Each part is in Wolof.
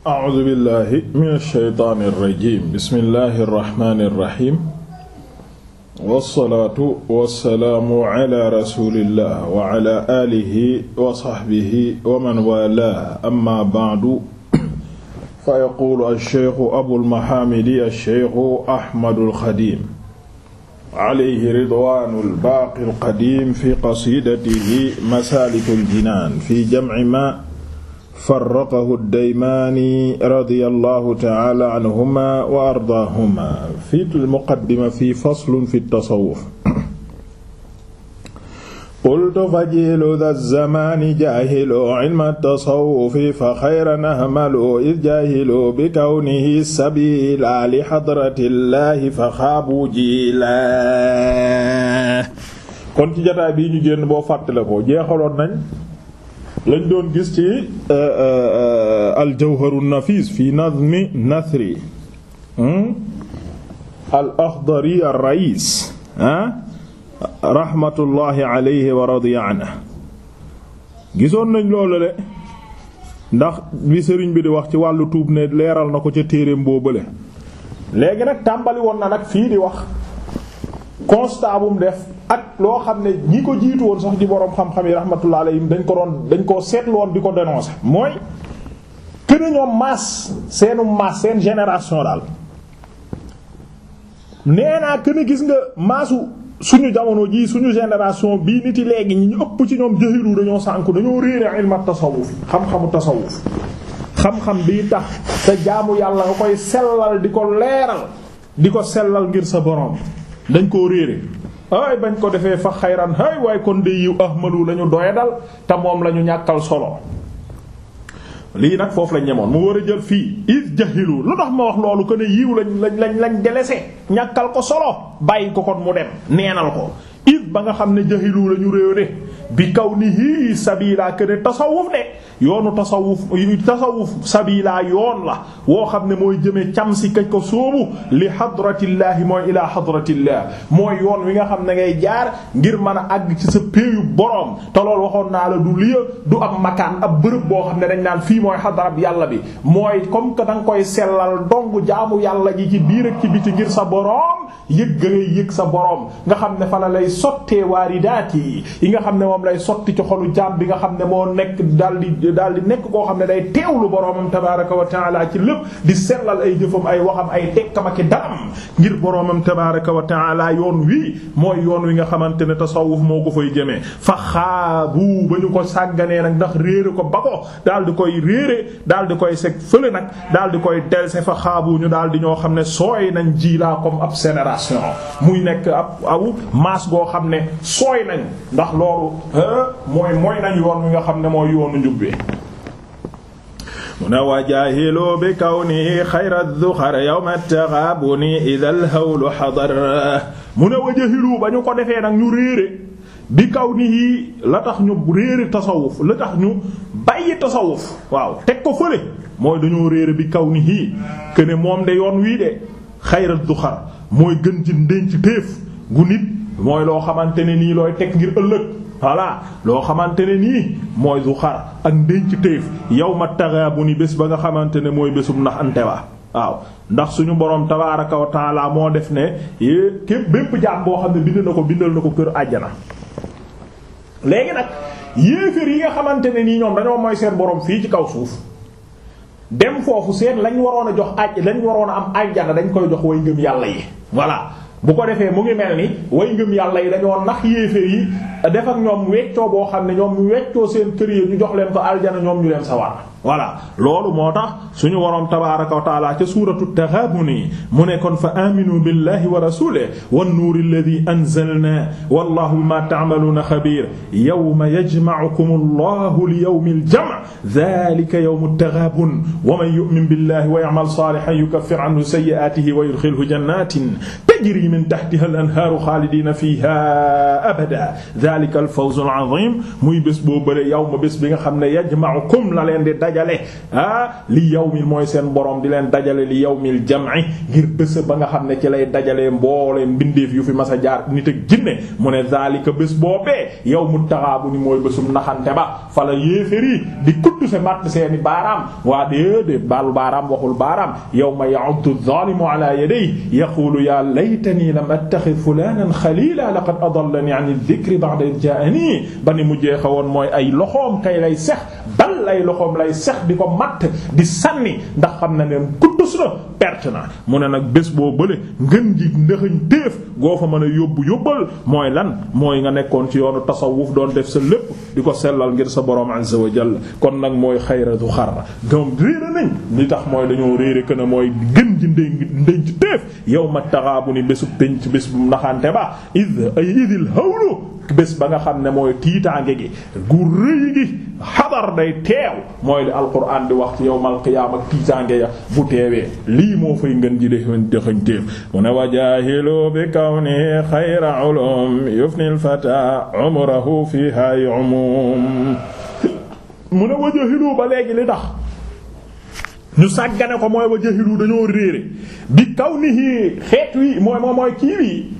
a'uuzu billaahi mina shaytaani rajiim bismillaahi rahmaani rahiim wassalaatu wassalaamu ala rasuulillaah wa ala aalihi wa sahbihi wa man waalaahu amma ba'du fa yaquulu ash-shaykhu abul mahaamidi ash-shaykhu ahmadul xadiim alayhi ridwaanul baaqil qadiim fi qasiidatihi masaalikul jinaan fi jam'i maa farraqahu ad-Daymaani radiyallahu ta'ala anhuma wa ardaahuma fi al-muqaddima fi faslun fi at-tasawwuf qultu fajilu dha zamani jahilu ilma tasawufi fa xayran ahmalu id jahilu bi kawnihi sabila li xadratillahi fa xaabu jila kon ci jotaay bii ñu génn boo fàttale ko jeexaloon nañ lañ doon gis ci euh, euh, euh, al jawharu nafis fi nazmi hmm? al akhdari al rais rahmatullahi wa radiya anhu gisoon nañ loolu le ndax bi sëriñ bi di wax ci wàllu tuub ne leeral na ko ca téereem boo bële léegi nag tàmbali woon na nag fii di wax constat bu mu def ak loo xam ne ñi ko jiitu woon sax ji boroom xam-xam yi rahmatullah alayhim dañ ko doon dañ koo seetlu woon di ko dénoncer mooy kër ñoom maas seenu maas seen génération daal nee naa kën a gis nga maasu suñu jamono jii suñu génération bii nit yi léegi ñi ñu ëpp ci ñoom jahilu dañoo sànku dañoo réere ilma tasawuf xam-xamu tasawuf xam tax te jaamu yàlla nga koy sellal di ko leeral di ko sellal ngir sa boroom dañ koo réere ay bañ ko defee fa xayran hay waaye kon de yiw ahmalu la ñu te moom lañu ñàkkal solo lii nag foofu lañ ñemoon mu war a jël fii is jahilu lu tax ma wax loolu que ne yiw lañ lañ lañ lañ delese ñàkkal ko solo bàyyi ko kon mu dem neenal ko is ba nga xam ne jahilu la ñu réere bi kawnihi sabila kene tasawuf de yoonu tasawuf tasawuf sabila yoon la woo xam ne mooy jëmee cam si kañ ko sóobu li hadratillahi mooy ilaa hadratillah mooy yoon wi nga xam ne ngay jaar ngir mën a àgg ci sa péeyu boroom te lool waxoon naa la du lieu du am makaan ab bërëb boo xam ne dañ naan fii mooy xadarab yàlla bi mooy comme que da koy sellal dong jaamu yàlla ji ci biir ak ci biti ngir sa boroom yëg ga ngay yëg sa boroom nga xam ne fa la moom lay sotti ci xolu jaam bi nga xam ne moo nekk daal di daal di nekk koo xam ne day teewlu boroomam tabaaraka wa taala ci lépp di sellal ay jëfam ay waxam ay tekkam ak i daram ngir boroomam tabaaraka wa taala yoon wii mooy yoon wi nga xamante ne tasawuf moo ko koy jëmee fa xaabu ba ñu ko sàgganee nag ndax réere ko ba ko daal di koy réere daal di koy seg fële nag daal di koy delse fa xaabu ñu daal di ñoo xam ne sooy nañ jii laa comme ab sénération muy nekk aw maas goo xam ne sooy nañ mooy moy nañu yoon mi nga xam ne mooy yoonu njub bi mu ne wajaahiloo bi kaw nii xayra zuxar yawma taxaabuni idal hawlu xadar mu ne wajaahiloo ba ñu ko defee nag ñu réere bi kaw ni nii la tax ñu réere tasawuf la tax ñu bàyyi tasawuf waaw teg ko fële mooy dañoo réere bi kaw nii këne moom de yoon wii de xayra zuxar mooy gën ci ndenc téef gu nit mooy loo xamante ne nii looy teg ngir ëllëg voilà loo xamante ne nii mooy du xar ak ndenc téef yow ma taxaabu ni bés ba nga xamante ne mooy bésum ndax ante wa waaw ndax suñu boroom tabaaraka kaw taala moo def ne képp bépp jaam boo xam ne bind na ko bindal na ko kër àjjana léegi nag yéeféer yi nga xamante ne nii ñoom dañoo mooy seen borom fii ci kaw suuf dem foofu seen lañ waroon a jox àjj lañ waroon a am àjjana dañ koy jox way ngëm yàlla yi voilà bu ko defee mu ngi mel ni way ngëm yàlla yi dañoo nax yéeféer yi def ak ñoom weccoo boo xam ne ñoom ñu weccoo seen kër yi ñu jox leen ko aljana ñoom ñu leen sawar voilà loolu moo tax suñu woroom tabaaraka wa taala ca suuratu taghabuni mu ne kon fa aminu billahi wa rasulihi wan nuuri alladhi anzalna wallahu bima ta'maluna xabiir yawma yajma'ukum allahu li yawmil jam' dhalika yawmut taghabun wa man yu'min billahi wa ya'mal salihan yukaffir anhu sayyi'atihi wa yudkhilhu jannatin tajri min tahtiha al-anhaaru xaalidina fiiha abada dhalika al-fawzu al-'azim muy bés boo bëre yawma bés bi nga xam ne yajma'ukum la leen di dajale ah li yawmi mooy seen boroom di leen dajale li yawmil jam'i ngir bés ba nga xam ne ci lay dajalee mboole mbindeef yu fi mas a jaar nit ak jinne mu ne zaalika bés boobee yawmut taxaabu ni mooy bésum naxante ba fala yéeféri di kuttu se matt seeni baaraam waa de baalu baaraam waxul baaraam yawma ya'uddu adh-dhalimu ala yadayhi yaqulu ya laytani lam attakhidh fulanan khalila laqad adallani 'ani adh-dhikri ba'da idh ja'ani ba ni mujjee xawoon mooy ay loxoom kay lay sex bal lay loxoom lay sex di ko matt di sànni ndax xam na ne kuttus na perte na mu ne nag bés boo bële ngën ji ndëxañ téef goo fa mën a yóbbu yóbbal mooy lan mooy nga nekkoon ci yoonu tasawuf doon def sa lépp di ko sellal ngir sa borom azza wa kon nag mooy xayra du xarra donc réere nañ li tax mooy dañoo réere que ne mooy gën ji ndëñ ci téef yow ma taxaabu ni bésu pénc bés bu naxante ba id ay idil hawlu bés ba nga xam ne mooy tiitaange gi gu rëy gi xadar day teew mooy li alquran di wax ci yawmal qiyaama ak tiitaange ya bu teewee lii moo fay ngën ji dexañteef mu ne wajaahilu bi kawni xayra ba léegi li tax ñu sàggane ko mooy wajahilu dañoo réere bi kawnihi xeet wi mooy mooy kii wi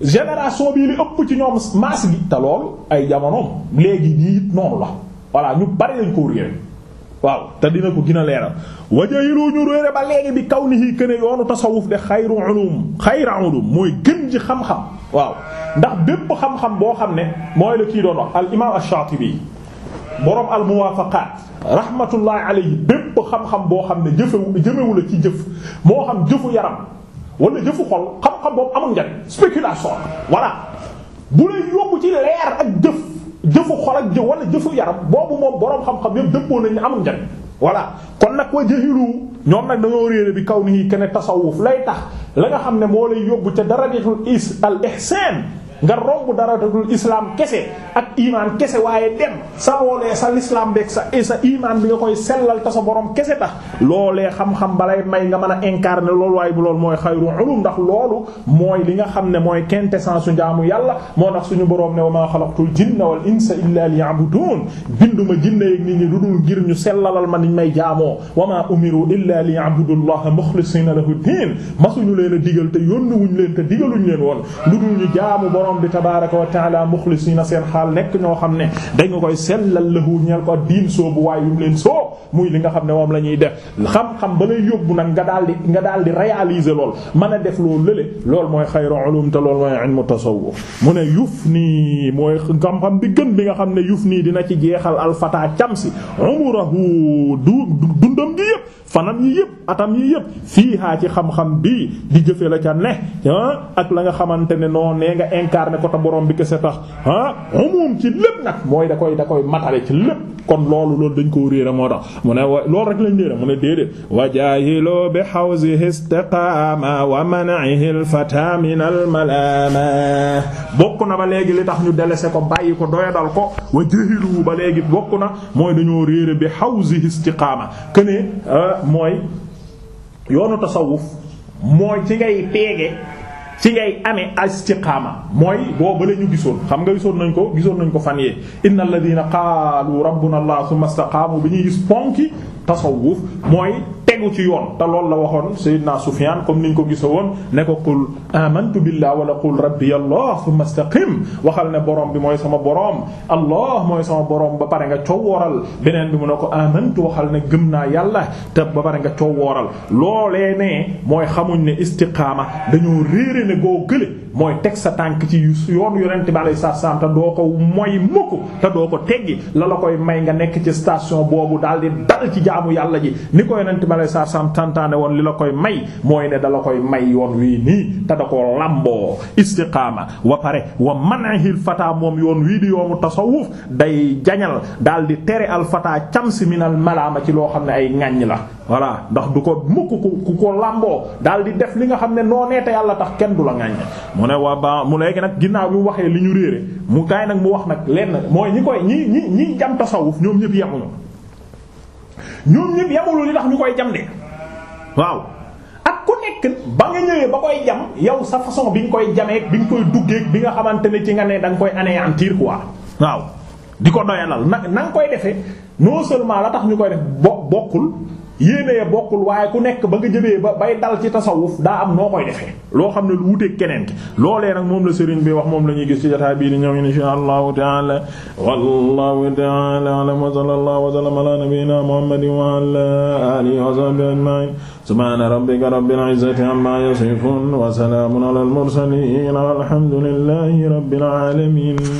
génération bii li ëpp ci ñoom maas bi te loolu ay jamonoom léegi di noonu la voilà ñu bari lañ ko réer waaw te dina ko gën a leeral wajahilu ñu réere ba léegi bi kaw ni hii këne yoonu tasawuf de xayru ulum xayra ulum mooy gën ji xam-xam waaw ndax bépp xam-xam boo xam ne mooy la kii doon wax al imam ash-Shatibi boroom al muwaafaqaat rahmatullahi alayhi bépp xam-xam boo xam ne jëfewu jëmewu la ci jëf moo xam jëfu yaram wala jëfu xol xam-xam boobu amul njariñ spéculation voilà bu lay yóbbu ci leer ak jëf jëfu xol ak jëf wala jëfu yaram boobu moom boroom xam-xam yëpp dëppoo nañ ne amul njariñ voilà kon nag wa jahilu ñoom nag dañoo réere bi kaw ni kene tasawuf lay tax la nga xam ne moo lay yóbbu ca darajatul is al ihsan nga romb dara dul islaam kese ak iman kese waaye dem sa loolee sa l'islam beeg sa sa iman bi nga koy sellal ta sa borom kese tax loolee xam-xam balay may nga mën a incarner loolu waaye bu loolu mooy xayru ulum ndax loolu mooy li nga xam ne mooy quintessence su njaamu yàlla moo tax suñu borom ne wa maa xalaqtul jinna wal insa illa liya'budun binduma jinne yeeg nit ñi lu dul ngir ñu sellalal ma niñ may jaamoo wa maa umiru illa liya'budullaha mukhlisina lahu m masuñu leen a digal te yónnuwuñ leen te digaluñ leen woon lu dul ñu borom bi tabaaraka wa taala muxlisiina seen xaal nekk ñoo xam ne dañu koy sellal lahu ñeel ko diin soobu waaye yu leen soo muy li nga xam ne moom la ñuy def xam-xam ba lay yóbbu nag nga daal di nga daal di réaliser lool mën a def loolu lële loolu mooy xayru ulum te loolu mooy ilmu tasawuf mu ne yuf nii mooy xam-xam bi gën bi nga xam ne yuf nii dina ci jeexal alfata camsi umurahu du dundam gi yépp fanam yi yëpp atam yi yëpp fii haa ci xam-xam bii di jëfe la ca ne ah, ak la nga xamante ne noo nee nga incarné ko ta borom bi kese tax ah umum ci lépp nag mooy da koy da koy matale ci lépp kon loolu loolu dañ koo réere moo tax mu ne loolu rek lañ réere mu ne déedéet wajaahiloo bi hawzihi istiqaama wa man'ihi al-fata min al-malama bokk na ba léegi li tax ñu délaissé ko bàyyi ko doyadal ko wajahilu ba léegi bokk na mooy dañoo réere bi hawzihi istiqaama ah, mooy yoonu tasawuf mooy ci ngay peege ci ngay amee istiqaama mooy boo bale ñu gisoon xam nga gisoon nañ ko gisoon nañ ko fan yee inna alladina qaalu rabbuna allah thumma xaamu bi ñuy gis ponki tasawuf mooy tegu ci yoon te loolu la waxoon Seydina Sufyaan comme ñu ko gisa woon ne ko qul amantu billah wala qul rabbi allah thumma istaqim waxal ne borom bi mooy sama borom allah mooy sama borom ba pare nga coow wooral beneen bi mu ne ko amantu waxal ne gëm naa yàlla te ba pare nga coow wooral loolee ne mooy xamuñ ne istiqaama dañoo réere ne goo gële mooy teg sa tànk ci yoon yonent bi alayhi salaam te doo ko mooy mukk te doo ko teggi la la koy may nga nekk ci station boobu daal yàlla malay saa saam tantaane woon li la koy may mooy ne da koy may yoon wii nii te da koo lamboo istiqaama wa pare wa man'ihil fata moom yoon wii di yoomu tasawuf day jañal daal di tere al fata camsi minal malaama ci loo xam ne ay ŋàññ la voilà ndax du ko mukk ku ku ko lamboo daal di def li nga xam ne noonee te yàlla tax kenn du la ŋàññ mu ne waa ba mu léegi nag ginnaaw bi mu waxee li ñu réere mu kaay nag mu wax nag lenn mooy ñi koy ñi ñi ñi jam tasawuf ñoom ñëpp yamulu li tax ñu koy jam de waaw ak ku nekk ba nga ñëwee ba koy jam yow sa façon bi nga koy jamee bi nga koy duggee bi nga xamante ne ci nga ne da nga koy anéantir quoi waaw di ko doyalal na na koy defee non seulement la tax ñu koy def bo bokkul. yéene ya bokkul waaye ku nekk ba nga jëmee ba bay dal ci tasawuf daa am noo koy defee loo xam ne lu wuteeg keneen ki loolee nag moom la sëriñ bi wax moom la ñuy gis ci jotaay bii di ñëw insha allahu taala wallahu taala alam wa sallallahu wa sallama ala nabiyyina muhammadin wa ala alihi wa sahbihi ajma'in subhana rabbika rabbil izzati amma yasifun wa salamun ala al mursalin walhamdulillahi rabbil alamin